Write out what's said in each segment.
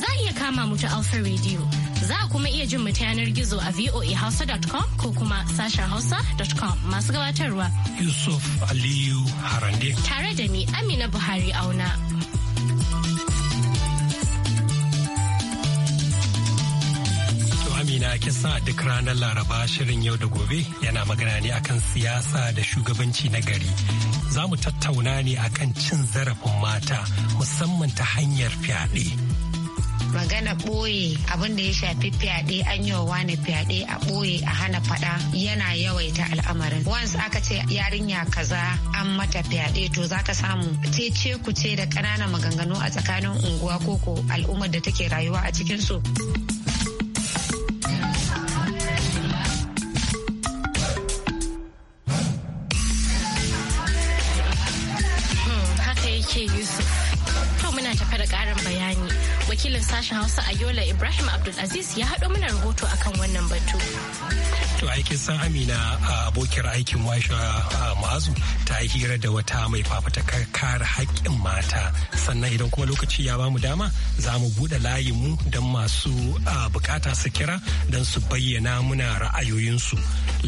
za a iya kama mu ta Alpha Radio. Za a kuma iya jin mu ta yanar gizo a voahausa.com ko kuma sashen hausa.com masu gabatarwa. Yusuf Aliyu Harande. Tare da ni Amina Buhari auna. Amina kisa duk ranar Laraba shirin yau da gobe yana magana ne akan siyasa da shugabanci na gari. Za mu tattauna ne akan cin zarafin mata musamman ta hanyar fyaɗe. magana ɓoye abin da ya shafi fyaɗe an yi wa fyaɗe a ɓoye a hana faɗa yana yawaita al'amarin once aka ce yarinya kaza an mata fyaɗe to zaka samu ce ku ce da ƙananan maganganu a tsakanin unguwa koko al'ummar da take rayuwa a cikin su. wakilin sashen Hausa a Yola Ibrahim Abdulaziz ya haɗo mana rahoto akan wannan batu. to aikin san amina a abokiyar aikin washa ma'azu ta yi hira da wata mai fafatakar kare haƙƙin mata sannan idan kuma lokaci ya bamu dama za mu buɗe mu don masu bukata su kira don su bayyana muna ra'ayoyinsu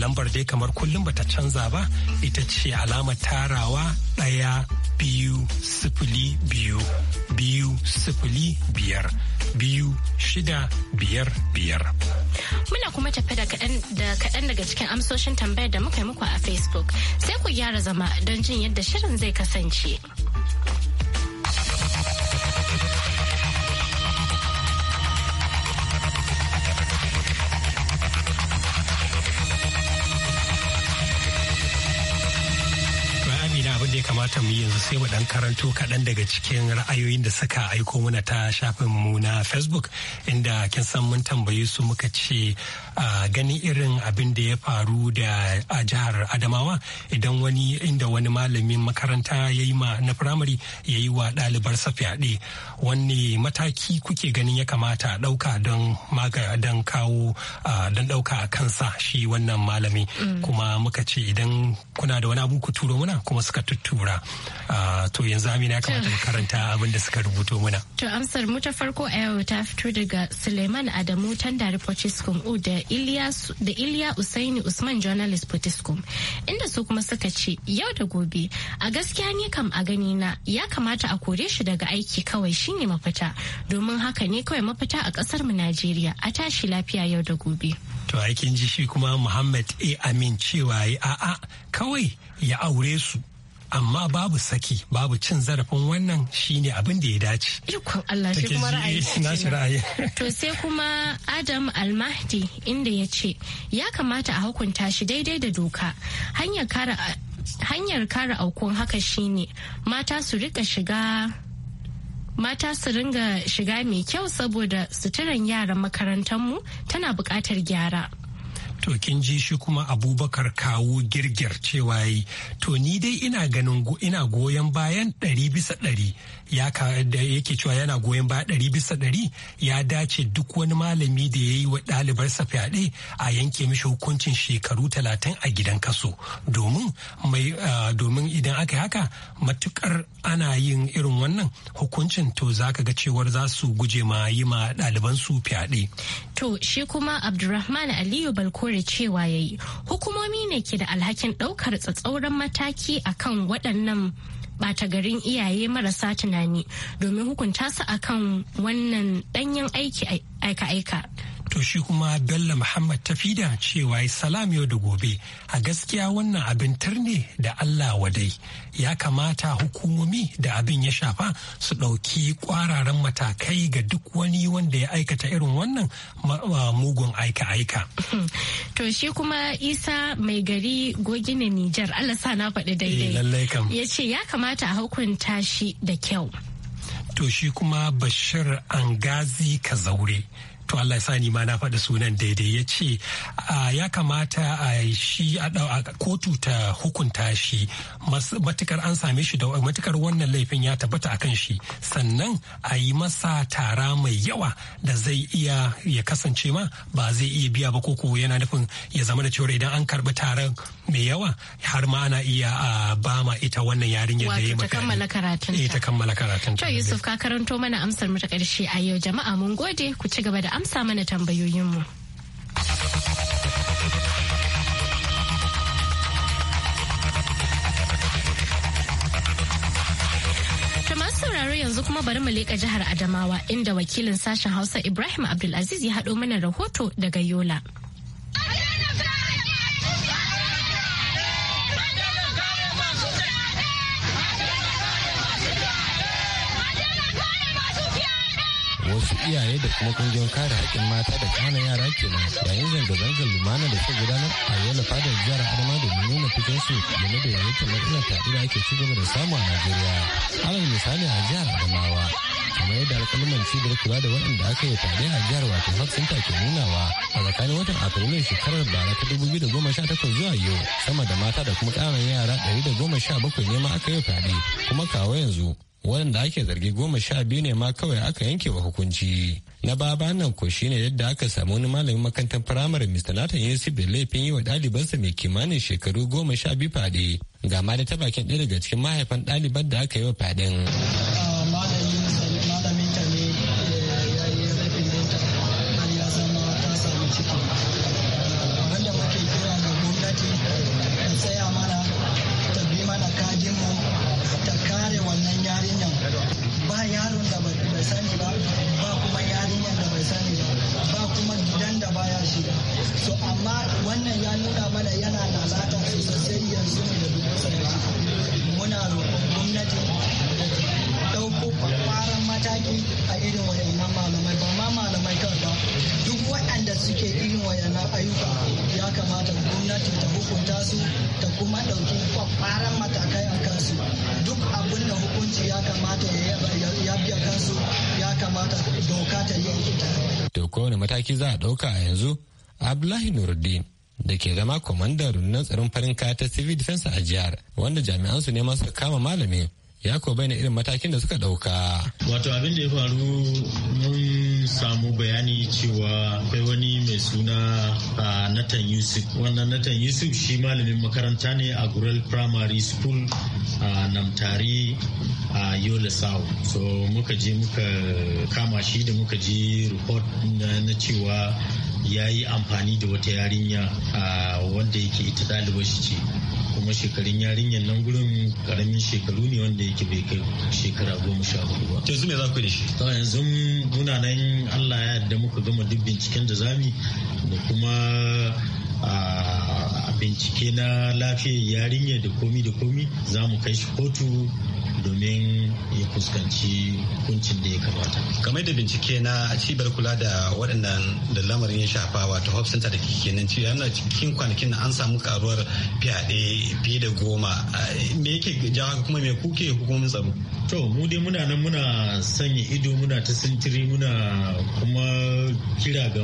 lambar dai kamar kullum bata canza ba ita ce alamar tarawa ɗaya biyu sifili biyu biyu sifili biyar biyu shida biyar biyar muna kuma tafe da kaɗan da kaɗan daga cikin amsoshin tambayar da muka yi muku a Facebook sai ku gyara zama don jin yadda shirin zai kasance. kamata mu yanzu sai mu dan karanto kaɗan daga cikin ra'ayoyin da suka aiko mana ta shafin mu na facebook inda kin san mun tambaye su muka ce ganin irin abin da ya faru da a jihar adamawa idan wani inda wani malamin makaranta ya yi ma na firamare ya yi wa ɗalibarsa fyaɗe wanne mataki kuke ganin ya kamata a ɗauka don don kawo don ɗauka a kansa shi wannan malami mm. kuma muka ce idan kuna da wani abu ku turo muna kuma suka tuttura tura ah, to yanzu amina ya kamata mu karanta abin da suka rubuto mana to amsar mu ta farko a yau ta fito daga suleiman adamu tandari potiskum u da iliya usaini usman journalist potiskum inda su kuma suka ce yau da gobe a gaskiya ni kam a gani na ya kamata a kore shi daga aiki kawai shine mafita domin haka ne kawai mafita a kasar mu najeriya a tashi lafiya yau da gobe to aikin ji shi kuma muhammad a amin cewa a'a kawai ya aure su amma babu saki babu cin zarafin wannan shine abin da ya dace ikon Allah shi kuma ra'ayi to sai kuma Adam Almahdi inda ya ce ya kamata a hukunta shi daidai da doka hanyar kara hanyar aukun haka shine mata su rika shiga mata su ringa shiga mai kyau saboda suturan yaran makarantar mu tana buƙatar gyara. to kin ji shi kuma abubakar kawo girgir cewa yi to ni dai ina ganin ina goyon bayan ɗari bisa ɗari ya da yake cewa yana goyon ba ɗari bisa ɗari ya dace duk wani malami da ya yi wa ɗalibarsa fyaɗe a yanke mishi hukuncin shekaru talatin a gidan kaso domin mai domin idan aka yi haka matukar ana yin irin wannan hukuncin to za ka ga cewar za su guje ma yi ma ɗalibansu fyaɗe. To shi kuma Abdulrahman Aliyu Balkore cewa ya yi hukumomi ne ke da alhakin ɗaukar tsatsauran mataki akan waɗannan bata garin iyaye marasa tunani domin hukunta su akan wannan ɗanyen aiki aika-aika. to shi kuma bello muhammad tafida cewa salam yau da gobe a gaskiya wannan abin tarne da allah wadai ya kamata hukumomi da abin ya shafa su ɗauki kwararan matakai ga duk wani wanda ya aikata irin wannan mugun aika-aika to shi kuma isa mai gari gogina nijar allah sa na faɗi daidai eh, ya ce ya kamata a hukunta shi da kyau to shi kuma bashir angazi kazaure to Allah ya sani ma na faɗi sunan daidai ya ce ya kamata a shi a kotu ta hukunta shi matukar an same shi da matukar wannan laifin ya tabbata a kan shi sannan a yi masa tara mai yawa da zai iya ya kasance ma ba zai iya biya ba koko yana nufin ya zama da cewa idan an karbi taron mai yawa har ma ana iya ba ma ita wannan yarinyar da ya eh, ta kammala karatun ta kammala karatun Yusuf ka karanto mana amsar mu ta karshe a yau jama'a mun gode ku ci gaba da amsa mana tambayoyinmu. sauraro yanzu kuma bari mu leƙa jihar Adamawa inda wakilin sashen Hausa Ibrahim Abdulaziz ya haɗo mana rahoto daga Yola. wasu iyaye da kuma kungiyar kare haƙƙin mata da kana yara ke nan yayin zanga-zangar lumana da ta gudanar a na fadar jihar adama domin nuna fitar su game da yayin matsalar ta da ake ci gaba da samu a najeriya alal misali a jihar adamawa kamar yadda alƙalman cibiyar kula da waɗanda aka yi tare a jihar wato hafsinta ke nunawa a tsakanin watan afrilu shekarar bara ta dubu biyu da goma sha takwas zuwa yau sama da mata da kuma ƙananan yara ɗari da goma sha bakwai ne ma aka yi fyaɗe kuma kawo yanzu waɗanda ake zargi goma sha biyu ne ma kawai aka yanke wa hukunci na baba nan ko shine yadda aka samu wani malamin makarantar firamare mr nathan yusuf da laifin yi wa ɗalibansa mai kimanin shekaru goma sha biyu fade ga ma da ta bakin ɗaya daga cikin mahaifan ɗaliban da aka yi wa faɗin. a irin wayannan malamai ba ma malamai kan ba duk waɗanda suke irin wayannan ayyuka ya kamata gwamnati ta hukunta su ta kuma ɗauki kwakwaran matakai a kansu duk abin da hukunci ya kamata ya biya kansu ya kamata doka ta yi aikita. To kowane mataki za a ɗauka a yanzu? Abdullahi Nuruddin da ke zama kwamandan rundunar tsaron farin kaya ta civil defense a jihar wanda jami'an su ne masu kama malami ya kuwa bayyana irin matakin da suka ɗauka. Wato abin da ya faru mun samu bayani cewa kai wani mai suna a Nathan Yusuf. Wannan Nathan Yusuf shi malamin makaranta ne a Gural Primary School a Namtari a Yola South. So muka je muka kama shi da muka ji report na cewa ya yi amfani da wata yarinya wanda yake ita ɗalibar shi ce. kuma shekarun yarinyar nan gurin karamin shekaru ne wanda yake bai kai shekara goma sha hudu ba yanzu me za ku yi shi to yanzu muna nan Allah ya yarda muka gama duk binciken da zami da kuma a bincike na lafiyar yarinya da komi da komi za mu kai shi kotu domin ya fuskanci hukuncin da ya kamata. kamar da bincike na cibiyar kula da waɗannan da lamarin ya shafa wato hope center da ke nan ci yana cikin kwanakin na an samu karuwar fyaɗe fiye da goma me yake jawo kuma me kuke hukumomin tsaro to mu dai muna nan muna sanya ido muna ta sintiri muna kuma kira ga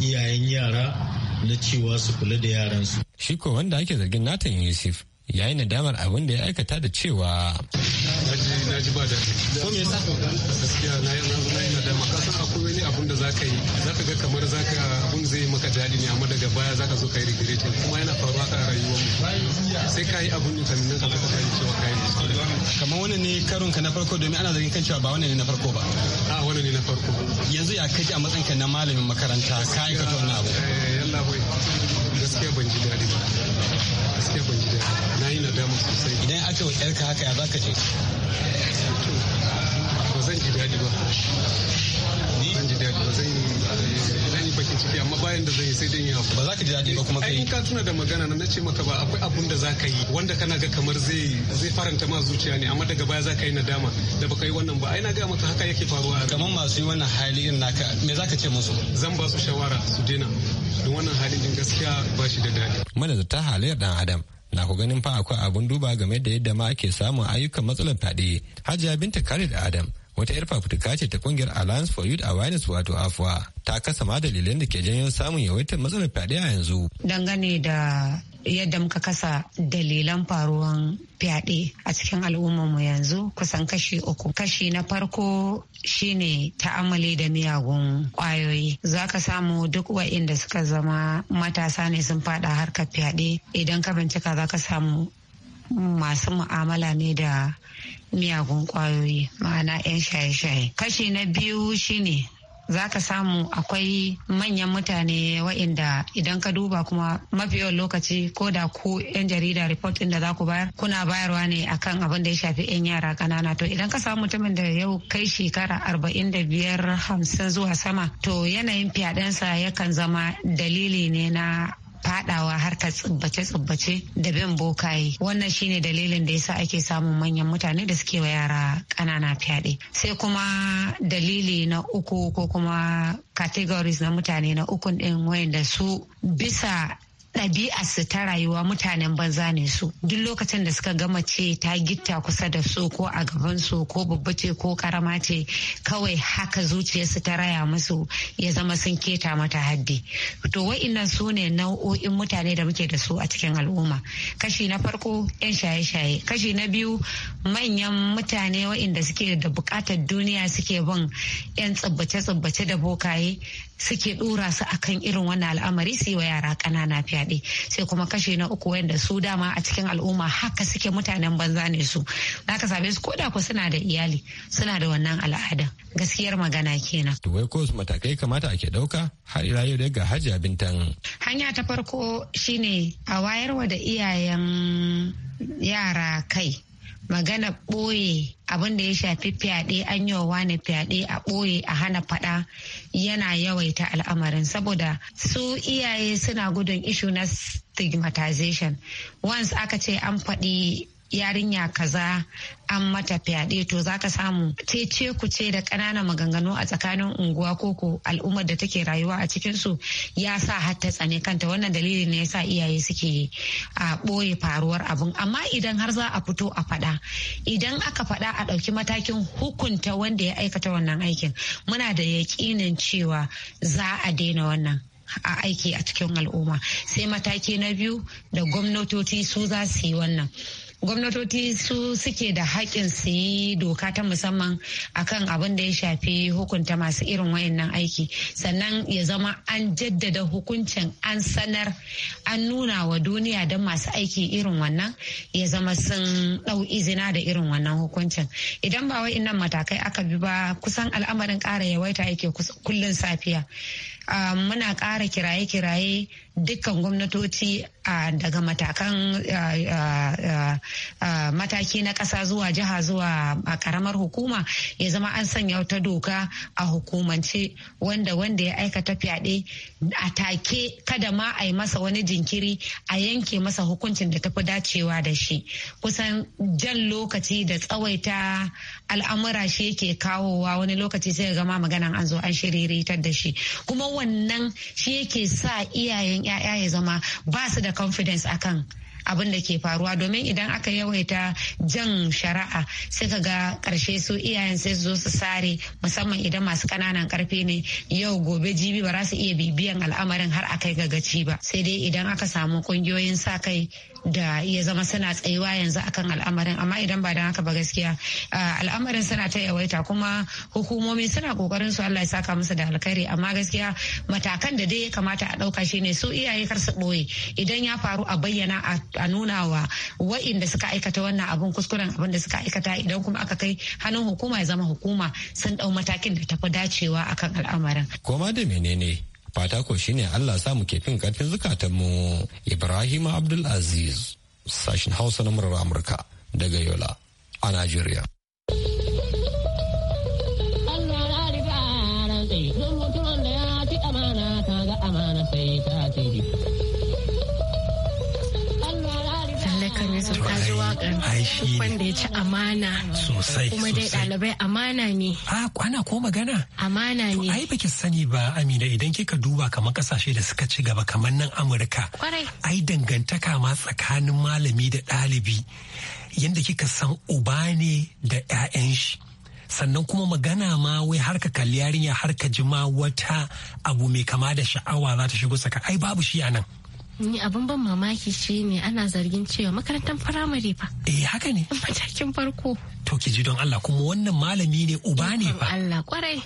iyayen yara na cewa su kula da yaransu. Shi ko wanda ake zargin Nathan Yusuf ya yi nadamar abin da ya aikata da cewa. Na ba da. Ko me yasa? Gaskiya na yi nadama. Kasan akwai abin da za ka yi za ka ga kamar za ka abin zai maka daɗi ne amma daga baya za ka zo ka yi regretin kuma yana faruwa a rayuwar mu sai ka yi abin da nuna ka ka yi cewa ka yi kamar wani ne karon ka na farko domin ana zargin kan cewa ba wannan ne na farko ba a wannan ne na farko yanzu ya kaji a matsayin ka na malamin makaranta ka yi aikata wannan abu eh, yalla bai gaskiya ban ji daɗi ba gaskiya ban ji daɗi na yi nadama sosai idan aka wa ka haka ya za ka je ba zan ji daɗi ba amma bayan da zan yi sai dan yi ba za ka ji daɗi ba kuma kai ka tuna da magana na ce maka ba akwai abun da za ka yi wanda kana ga kamar zai zai faranta ma zuciya ne amma daga baya za ka yi nadama da baka yi wannan ba ai na ga maka haka yake faruwa kamar masu yi wannan hali din naka me za ka ce musu zan ba su shawara su daina don wannan halin din gaskiya ba shi da daɗi madadata halayyar dan adam na ku ganin fa akwai abun duba game da yadda ma ake samun ayyukan matsalar fyaɗe hajiya binta da adam wata 'yar fafutuka ce ta kungiyar alliance for youth awareness wato afuwa ta kasa ma dalilan da ke janyo samun yawaitar matsalar fyaɗe a yanzu dangane da yadda muka kasa dalilan faruwan fyaɗe a cikin al'ummarmu yanzu kusan kashi uku kashi na farko shine ta'amali da miyagun kwayoyi za ka samu duk wa'inda suka zama matasa ne sun fada harkar fyaɗe idan ka bincika za ka samu masu mu'amala ne da miyagun kwayoyi ma'ana 'yan shaye-shaye kashi na biyu shine za ka samu akwai manyan mutane wa'inda idan ka duba kuma mafi yawan lokaci ko da ku 'yan jarida reporting ɗin da za ku bayar kuna bayarwa ne akan abin da ya shafi 'yan yara kanana to idan ka samu mutumin da yau kai shekara arba'in da biyar hamsin zuwa sama to yanayin fyaɗensa yakan zama dalili ne na fadawa harkar tsubbace-tsubbace da bin bokaye wannan shine dalilin da yasa ake samun manyan mutane da suke wa yara ƙanana fyaɗe sai kuma dalili na uku ko kuma categories na mutane na ukun ɗin wayanda su bisa su ta rayuwa mutanen banza ne su duk lokacin da suka gama ce ta gitta kusa da su ko a gaban su ko babba ce ko karama ce kawai haka zuciyarsu ta raya musu ya zama sun keta mata haddi to wa'innan su ne nau'o'in mutane da muke da su a cikin al'umma kashi na farko 'yan shaye-shaye kashi na biyu manyan mutane wa'inda suke da bukatar duniya suke bin 'yan tsabbace-tsabbace da bokaye suke dora su akan irin wannan al'amari su yi wa yara ƙanana fyaɗe sai kuma kashe na uku wanda su dama a cikin al'umma haka suke mutanen banza ne su za ka same su koda ko suna da iyali suna da wannan al'ada gaskiyar magana kenan. to wai ko matakai kamata ake ɗauka har ila yau daga hajiya bintan. hanya ta farko shine a wayarwa da iyayen yara kai magana ɓoye abin da ya shafi fyaɗe an yi wa ne fyaɗe a ɓoye a hana faɗa yana yawaita al'amarin saboda su iyaye suna gudun ishu na stigmatization once aka ce an faɗi yarinya kaza an mata fyaɗe to za ka samu sai ce ku ce da ƙananan maganganu a tsakanin unguwa ko ku? al'ummar da take rayuwa a cikinsu ya sa hatta tsane kanta wannan dalili ne ya sa iyaye suke a ɓoye faruwar abin amma idan har za a fito a faɗa idan aka faɗa a ɗauki matakin hukunta wanda ya aikata wannan aikin muna da yaƙinin cewa za a daina wannan a aiki a cikin al'umma sai mataki na biyu da gwamnatoci su za su yi wannan gwamnatoci su suke da haƙƙin su yi doka ta musamman akan abin da ya shafi hukunta masu irin wayannan aiki sannan ya zama an jaddada hukuncin an sanar an nuna wa duniya don masu aiki irin wannan ya zama sun ɗau izina da irin wannan hukuncin idan ba wayannan matakai aka bi ba kusan al'amarin ƙara yawaita yake kullun safiya ah, muna ƙara kiraye-kiraye dukkan gwamnatoci daga matakan mataki na ƙasa zuwa jiha zuwa a karamar hukuma ya zama an sanya wata doka a hukumance wanda wanda ya aikata fyaɗe a take kada ma a yi masa wani jinkiri a yanke masa hukuncin da tafi dacewa da shi kusan jan lokaci da tsawaita al'amura shi yake kawowa wani lokaci sai ga ma maganan an zo an shiriritar da shi kuma wannan shi yake sa iyayen 'ya'ya ya zama ba su da confidence akan abin da ke faruwa domin idan aka yawaita jan shari'a sai ka ga karshe su iyayen sai su zo su sare musamman idan masu kananan karfi ne yau gobe jibi ba za su iya bibiyan al'amarin har a kai ga gaci ba sai dai idan aka samu kungiyoyin sa kai da ya zama suna tsayuwa yanzu akan al'amarin amma idan ba dan haka ba gaskiya al'amarin suna ta yawaita kuma hukumomi suna kokarin su Allah ya saka musu da alkhairi amma gaskiya matakan da dai ya kamata a dauka shine su iyaye kar su boye idan ya faru a bayyana a nuna wa wa'inda suka aikata wannan abun kuskuren abin da suka aikata idan kuma aka kai hannun hukuma ya zama hukuma sun dau matakin da tafi dacewa akan al'amarin. Koma da menene fata ko shine Allah sa mu fin karfin zukatanmu Ibrahim Abdul Aziz sashin Hausa na murar Amurka daga Yola a Najeriya. duk da ya ci amana sosai kuma dai ɗalibai amana ne kwana ko magana amana ne ai baki sani ba amina idan kika duba kamar kasashe da suka ci gaba kamar nan amurka ai dangantaka ma tsakanin malami da ɗalibi yadda kika san uba ne da 'ya'yan shi sannan kuma magana ma wai har ka kalli yarinya har ka wata abu mai kama da sha'awa za ta shigo saka ai babu shi a nan ni abin ban mamaki shine ana zargin cewa makarantar firamare fa eh haka ne matakin farko to ki ji don Allah kuma wannan malami ne uba ne fa Allah kwarai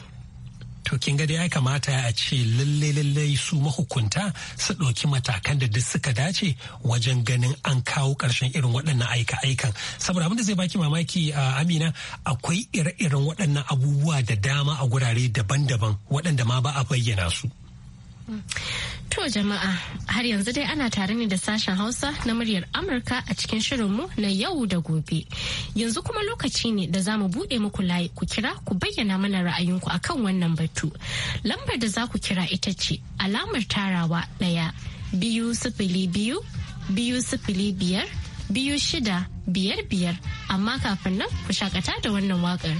to kin ga dai ya kamata a ce lalle lalle su mahukunta su ɗauki matakan da duk suka dace wajen ganin an kawo ƙarshen irin waɗannan aika aikan saboda abin da zai baki mamaki a amina akwai ire-iren waɗannan abubuwa da dama a gurare daban-daban waɗanda ma ba a bayyana su To jama'a har yanzu dai ana tare ne da sashen Hausa na muryar Amurka a cikin shirinmu na yau da gobe. Yanzu kuma lokaci ne da za mu buɗe muku layi ku kira ku bayyana mana ra'ayinku akan wannan batu. Lambar da za ku kira ita ce alamar tarawa ɗaya biyu sifili biyu biyu sifili biyar biyu shida biyar biyar amma kafin nan ku shakata da wannan waƙar.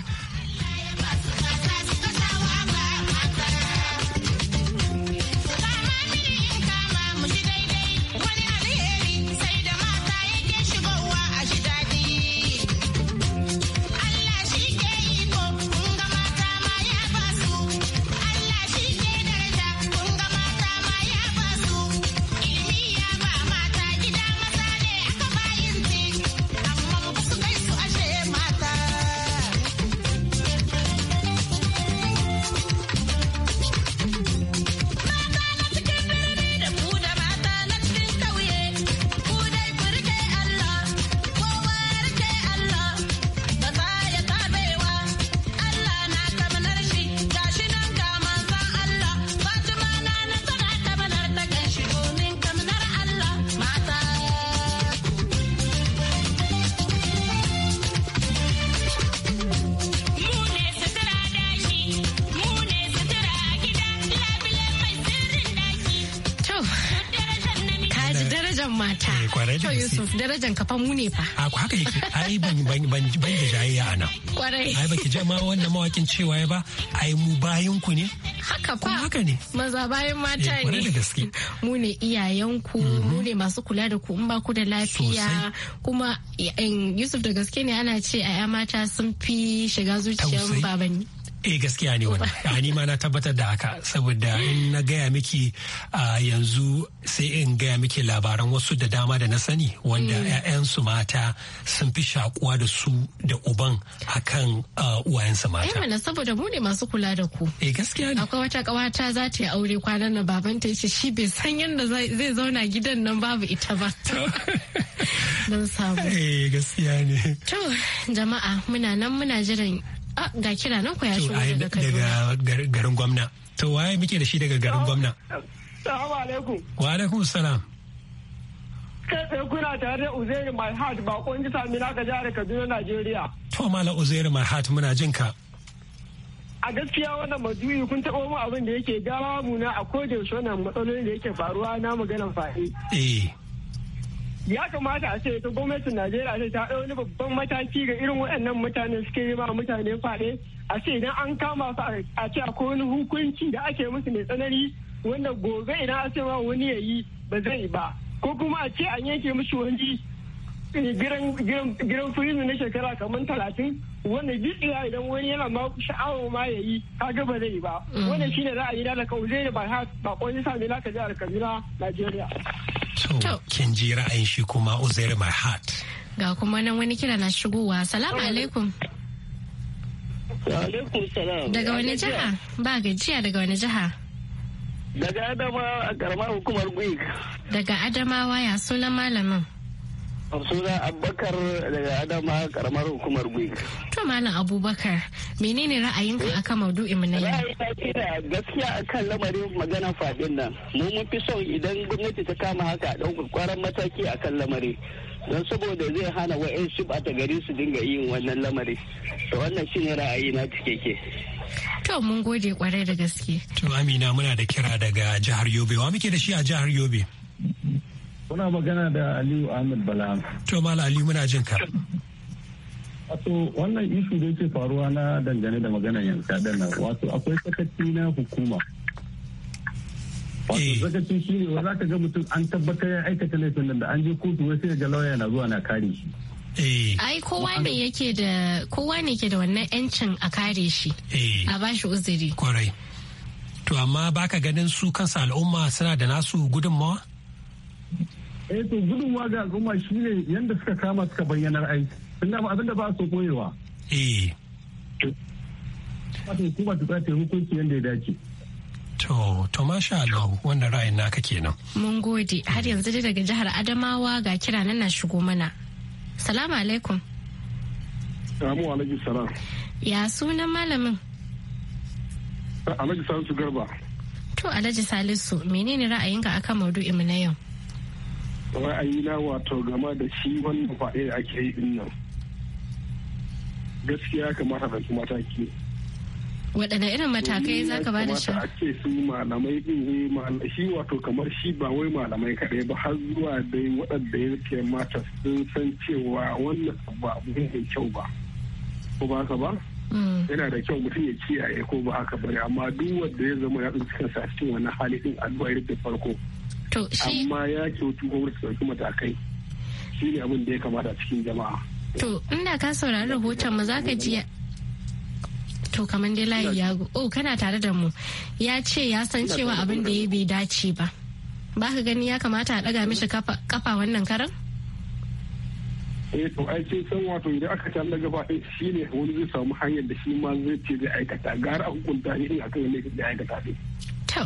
Yusuf darajan ka fa mu ne fa. Ako haka yake ai ban ban ban da jayayya ana. Kwarai. Ai baki ma wannan mawakin cewa ya ba ai mu bayan ku ne. Haka fa. Haka ne. Maza bayan mata eh, ne. Kwarai da gaske. Mu ne iyayen ku mhm. mu ne masu kula da ku in ba ku da lafiya kuma eh, Yusuf da gaske ne ana ce 'ya'ya mata sun fi shiga zuciyar babanni. eh gaskiya ne wani ni ma na tabbatar da haka saboda in na gaya miki a yanzu sai in gaya miki labaran wasu da dama da na sani wanda 'ya'yansu mm. mata sun fi shakuwa da su da uban akan uwayensu mata eh saboda mu ne masu kula da ku eh gaskiya ne akwai wata kawata za ta yi aure kwanan nan babanta ya ce shi bai san yadda zai zauna gidan nan babu ita ba don samu eh gaskiya ne to jama'a muna nan muna jiran Ah, ga kira nan ku ya shigo daga garin gwamna to waye muke da shi daga garin gwamna Assalamu alaikum. Wa alaikum salam. Kai tsaye kuna tare da Uzairi Marhat bakon ji sami naka jihar Kaduna Najeriya. To Malam Uzairi Marhat muna jin ka. A gaskiya wannan majuyi kun taɓa mu abin da yake gara mu na a kodin yaushe wannan matsalolin da yake faruwa na maganan fa'i. ya kamata a ce ta gwamnatin najeriya ce ta wani babban mataki ga irin waɗannan mutane suke yi ma mutane faɗe a ce idan an kama su a ce akwai wani hukunci da ake musu mai tsanani wanda gobe idan a ce ma wani ya yi ba zai ba ko kuma a ce an yanke musu wani eh, giran firizin na shekara kamar talatin wanda jitsiya idan wani yana ma sha'awa ma ya yi kaga ba zai ba mm. wannan shine ra'ayi da kauze da ba ba kwani sami laka a najeriya kin ji ra'ayin shi kuma Uzair My Heart. Ga kuma nan wani kira na shigowa. Salamu alaikum. Alaikum salam. Daga wani jiha? Ba gajiya daga wani jiha? Daga Adamawa a karamar hukumar Gwik. Daga Adamawa ya sunan malamin. Suna Abubakar daga Adama karamar hukumar Gwig. To Malam Abubakar, menene ra'ayinka eh? akan maudu'in mu na yi Ra'ayi na gaskiya kan lamarin magana fadin nan. Mu mun fi son idan gwamnati ta kama haka a ɗaukar kwaran mataki a kan lamari. Don saboda zai hana wa'yansu ba ta gari su dinga yin wannan lamari. To wannan ne ra'ayi na cikeke. To mun gode kwarai da gaske. To Amina muna da kira daga jihar Yobe. Wa muke da shi a jihar Yobe? Kuna magana da Aliyu Ahmed Bala. To Malam Aliyu muna jin ka. Wato wannan ishu da yake faruwa na dangane da magana yanka ɗin nan wato akwai sakaci na hukuma. Wato eh. sakaci shi ne wani zaka ga mutum an tabbatar ya aikata laifin nan da an je kotu wai sai ga lauya na zuwa na kare shi. Eh. Ai kowa ne yake da kowa ne ke da wannan yancin a kare shi eh. a bashi uzuri. Kwarai. To amma baka ganin su kansa al'umma suna da nasu gudunmawa? eh to gudunwa ga al'umma shi ne yadda suka kama suka bayyanar ai tunda ba abinda ba su koyewa eh wato kuma ta ta hukunci yadda ya dace To, to masha Allah wannan ra'ayin naka kenan. Mun gode, har yanzu dai daga jihar Adamawa ga kira nan na shigo mana. Salamu alaikum. Salamu alaikum salam. Ya sunan malamin? Alhaji Salisu Garba. To Alhaji Salisu, menene ra'ayinka akan maudu'in mu na yau? ra'ayina wato game da shi wannan faɗe da ake yi din nan gaskiya kamata da su mataki waɗanda irin matakai za ka ba da shi a ce su malamai din ne eh, shi wato kamar shi ba wai malamai kaɗai ba har zuwa dai waɗanda ya ke mata sun san cewa wannan ba mai kyau ba ko ba ka ba mm. yana da kyau mutum ya kiyaye ko ba haka bane amma duk wanda ya zama ya tsinci kansa cikin wani hali din addu'a da farko amma ya kyautu gwamnati su ɗauki matakai shi ne abin da ya kamata a cikin jama'a. to inda ka saurari rahoton mu za ka ji to kamar dai layi ya oh kana tare da mu ya ce ya san cewa abin da ya bai dace ba ba ka gani ya kamata a ɗaga mishi kafa wannan karan? eh to ai sai san wato idan aka talla gaba ɗaya shi ne wani zai samu hanyar da shi ma zai ce zai aikata gara a hukunta ne in yi ne zai aikata ne.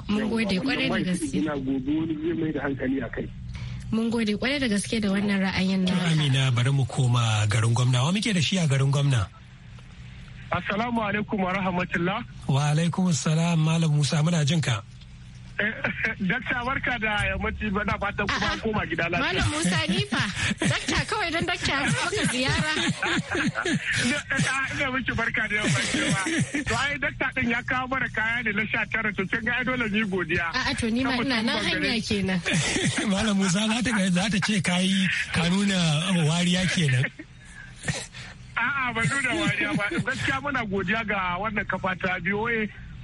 mun gode kwarai da gaske. mai da hankali a kai. Mun gode kwarai da gaske da wannan ra'ayin na. Amina bari mu koma garin gwamna. Wa muke da shi a garin gwamna? Assalamu alaikum wa rahmatullah. Wa alaikum assalam Malam Musa muna jinka. ka. Dakta barka da yammaci bana ta kuma koma gida lafiya. Malam Musa Nifa, dakta kawai don dakta maka ziyara. Ina miki barka da yammaci To ai dakta din ya kawo mana kaya ne na sha tara to kin ga dole ni godiya. A'a to ni ma ina nan hanya kenan. Malam Musa za ta ce yi ka nuna wariya kenan. A'a ba nuna wariya ba gaskiya muna godiya ga wannan kafa ta biyo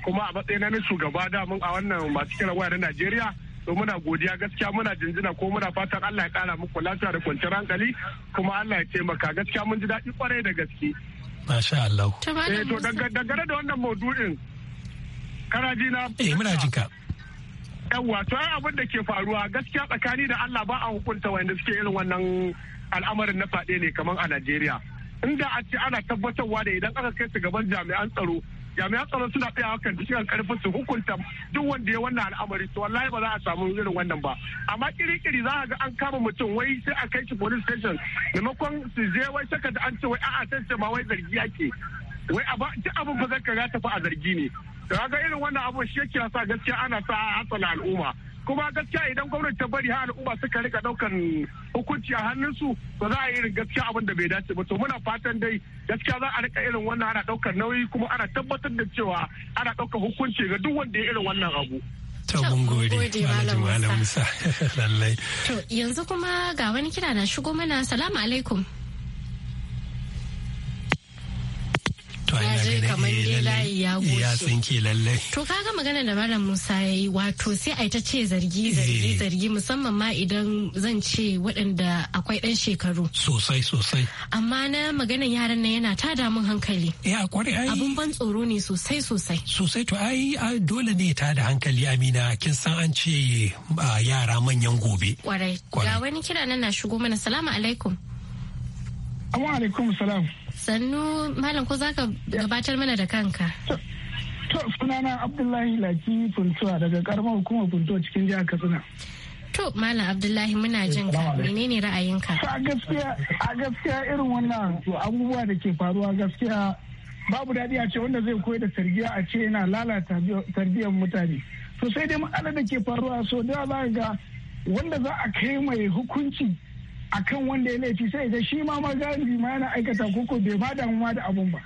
kuma a matsayin na shugaba damun a wannan masu kira waya na Najeriya to muna godiya gaskiya muna jinjina ko muna fatan Allah ya kara muku lafiya da kwanciyar hankali kuma Allah ya taimaka gaskiya mun ji daɗi kwarai da gaske. Masha Allah. Eh to dangane da wannan maudu'in karaji na. Eh muna ka. Yawwa to ai abin da ke faruwa gaskiya tsakani da Allah ba a hukunta wanda suke irin wannan al'amarin na faɗe ne kamar a Najeriya. Inda a ce ana tabbatarwa da idan aka kai su gaban jami'an tsaro jami'an tsaro suna tsayawa kan cikin karfin su hukunta duk wanda ya wannan al'amari to wallahi ba za a samu irin wannan ba amma kiri kiri za a ga an kama mutum wai sai a kai shi police station maimakon su je wai saka da an ce wai a'a sai ma wai zargi yake wai a duk abin ba zaka ga tafi a zargi ne to ga irin wannan abu shi yake sa gaskiya ana sa a hasala al'umma kuma gaskiya idan gwamnati ta bari har al'umma suka rika daukan hukunci a hannunsu ba za a yi gaskiya abin da bai dace ba to muna fatan dai gaskiya za a rika irin wannan ana daukar nauyi kuma ana tabbatar da cewa ana daukar hukunci ga duk wanda ya irin wannan abu To Malam lallai. yanzu kuma ga wani kira na shigo mana salamu alaikum. to ya je kamar eh, layi ya goce ya tsinke lallai to kaga magana da malam Musa yayi wato sai ai ta ce zargi eh. zargi zargi musamman ma idan zan ce waɗanda akwai ɗan shekaru sosai sosai amma na maganan yaran nan yana ta damun hankali ya eh, kware ai abun ban tsoro ne sosai sosai sosai to ai dole ne ta da hankali Amina kin san an ce yara manyan gobe kwarai ga wani kira nan na shigo mana salamu alaikum wa alaikum salam. sannu malam ko zaka gabatar mana da kanka to sunana abdullahi laki funtuwa daga karamar hukumar funtuwa cikin jihar katsina To Malam Abdullahi muna jin ka menene ra'ayinka? A gaskiya a gaskiya irin wannan abubuwa da ke faruwa gaskiya babu daɗi a ce wanda zai koyi da tarbiya a ce yana lalata tarbiyyar mutane. To sai dai matsalar da ke faruwa so da za ga wanda za a kai mai hukunci akan wanda ya laifi sai ga shi ma magani ma yana aikata koko bai ba damuwa da abun ba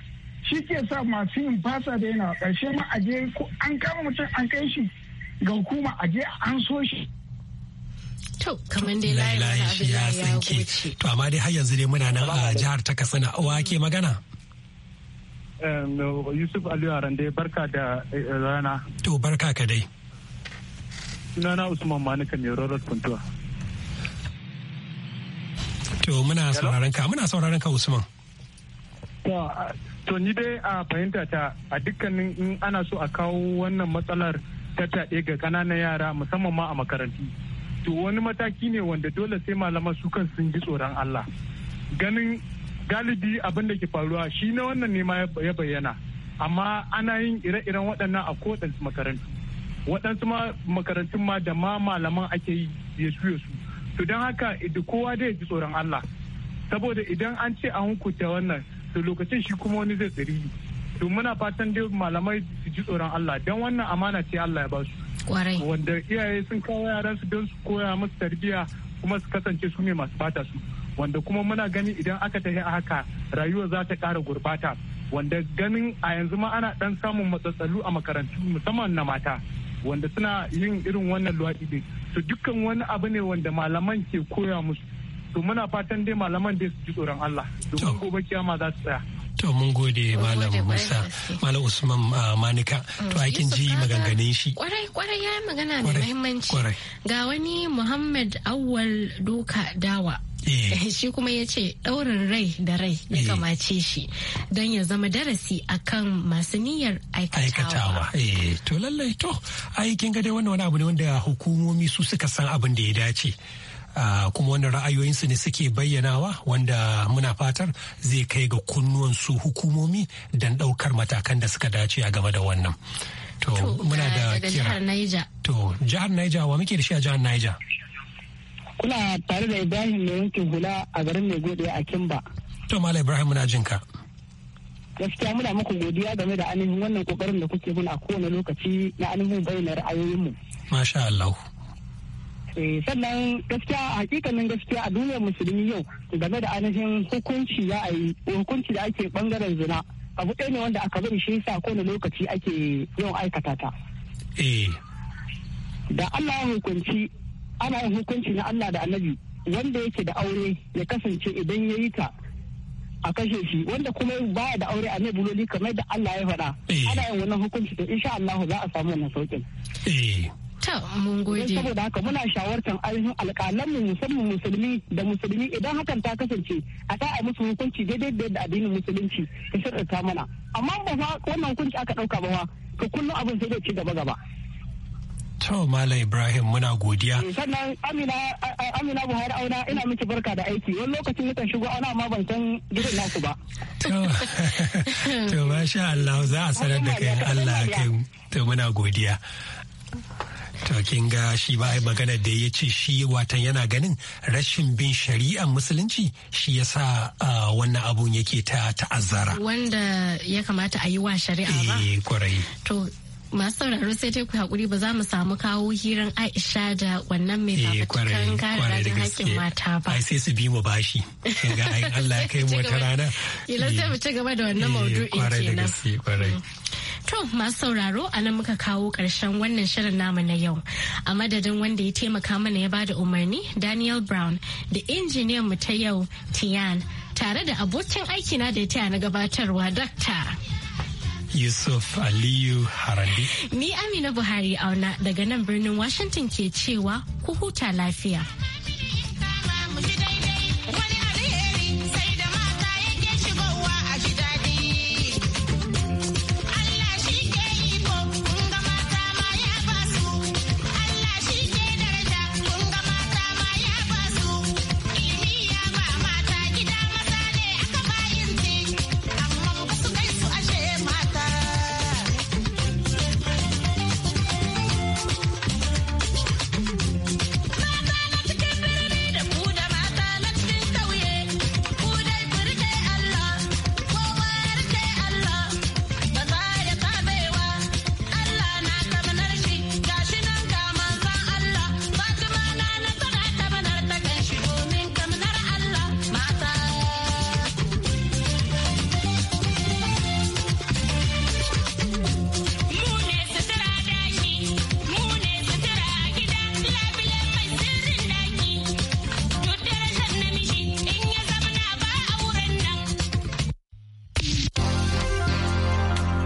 shi ke sa masu yin fasa da yana ƙarshe ma aje ko an kama mutum an kai shi ga hukuma aje an so shi To, shi ya tsinke. amma dai har yanzu dai muna nan a jihar ta Katsina. Wa ke magana? Yusuf Aliyu Arande, barka da eh, rana. To, barka ka dai. Sunana Usman Manika mai Rorar Kuntuwa. To muna sauraron ka muna sauraron ka Usman. To ni dai a fahimta ta a dukkanin in ana so a kawo wannan matsalar tattaɗe ga kananan yara musamman ma a makaranti. To wani mataki ne wanda dole sai malaman su kan sun ji tsoron Allah. Ganin galibi abin da ke faruwa shi na wannan nema ya bayyana. Amma ana yin ire-iren waɗannan a kowaɗansu makarantu. Waɗansu ma makarantun ma da ma malaman ake yi ya su. to don haka kowa ya ji tsoron Allah saboda idan an ce an hukunta wannan to lokacin shi kuma wani zai tsiri to muna fatan dai malamai su ji tsoron Allah don wannan amana ce Allah ya ba su wanda iyaye sun kawo yaran su don su koya musu tarbiyya kuma su kasance su ne masu fata su wanda kuma muna gani idan aka tafi a haka rayuwa za ta kara gurbata wanda ganin a yanzu ma ana dan samun matsatsalu a makarantu musamman na mata wanda suna yin irin wannan luwaɗi to dukkan wani abu ne wanda malaman ke koya musu to muna fatan dai malaman dai su ji tsoron Allah domin gobe kiyama za su tsaya To mun gode Malam Musa, Malam Usman uh, Manika, mm, to aikin ji maganganun shi. Kwarai kwarai ya magana mai muhimmanci. Ga wani Muhammad Awwal Doka Dawa Eh. Eh, shi kuma ya ce ɗaurin rai da rai ya eh. kamace shi don ya zama darasi akan masu niyyar aikatawa to lallai to aikin ga wani abu ne wanda hukumomi su suka san abin da ya dace ah, kuma wanda ra'ayoyinsu ne suke bayyanawa wanda muna fatar zai kai ga kunnuwan su hukumomi don ɗaukar matakan da suka dace a game da wannan. To, muna da kira. Jihar Niger. To, jihar Niger wa muke da shi a jihar Niger? kuna tare da ibrahim mai yankin hula a garin mai gode a kimba to malam ibrahim muna jinka gaskiya muna muku godiya game da ainihin wannan kokarin da kuke bin a kowane lokaci na ainihin bayyana ra'ayoyinmu masha Allah eh, sannan gaskiya a hakikanin gaskiya a duniyar musulmi yau game da ainihin hukunci za a yi hukunci da ake bangaren zina abu ɗaya ne wanda aka bari shi yasa kowane lokaci ake yawan aikata ta eh. da Allah ya hukunci ana yin hukunci na Allah da annabi wanda yake da aure ya kasance idan ya yi ta a kashe shi wanda kuma baya da aure a nebuloli kamar da Allah ya faɗa eh. ana yin wannan hukunci to insha Allah za a samu wannan saukin. Eh. mun gode. saboda haka muna shawartar ainihin alƙalanmu musamman musulmi da musulmi idan hakan ta kasance a ta a musu hukunci daidai da addinin musulunci ta shirya mana amma ba wannan hukunci aka ɗauka ba to kullum abin sai zai ci gaba gaba. To mala Ibrahim muna godiya. Eh, sannan Amina Amina Buhari auna ina miki barka da aiki wani lokacin mutan shigo auna ma ban san gidan naku ba. To to masha Allah za a sanar da kai Allah kai to muna godiya. To kin ga shi ba ai magana da ya ce shi watan yana ganin rashin bin shari'ar musulunci shi ya sa wannan abun yake ta ta'azzara. Wanda ya kamata a yi wa shari'a ba. Eh kwarai. To masu sauraro sai dai ku hakuri ba za mu samu kawo hirar Aisha da wannan mai eh, fafutukan kare da haƙƙin mata ba. Ai sai su bi mu bashi. Kin ga ai Allah kai mu wata rana. Ila sai mu ci gaba da wannan eh, maudu'in kenan. Kwarai mm. To masu sauraro a nan muka kawo ƙarshen wannan shirin namu na yau. A madadin wanda ya taimaka mana ya bada umarni Daniel Brown da injiniyan mu ta yau tiyan tare da abokin aikina da ya taya na gabatarwa Dr. Yusuf Aliyu Harande. Ni Amina Buhari auna daga nan birnin Washington ke cewa ku huta lafiya.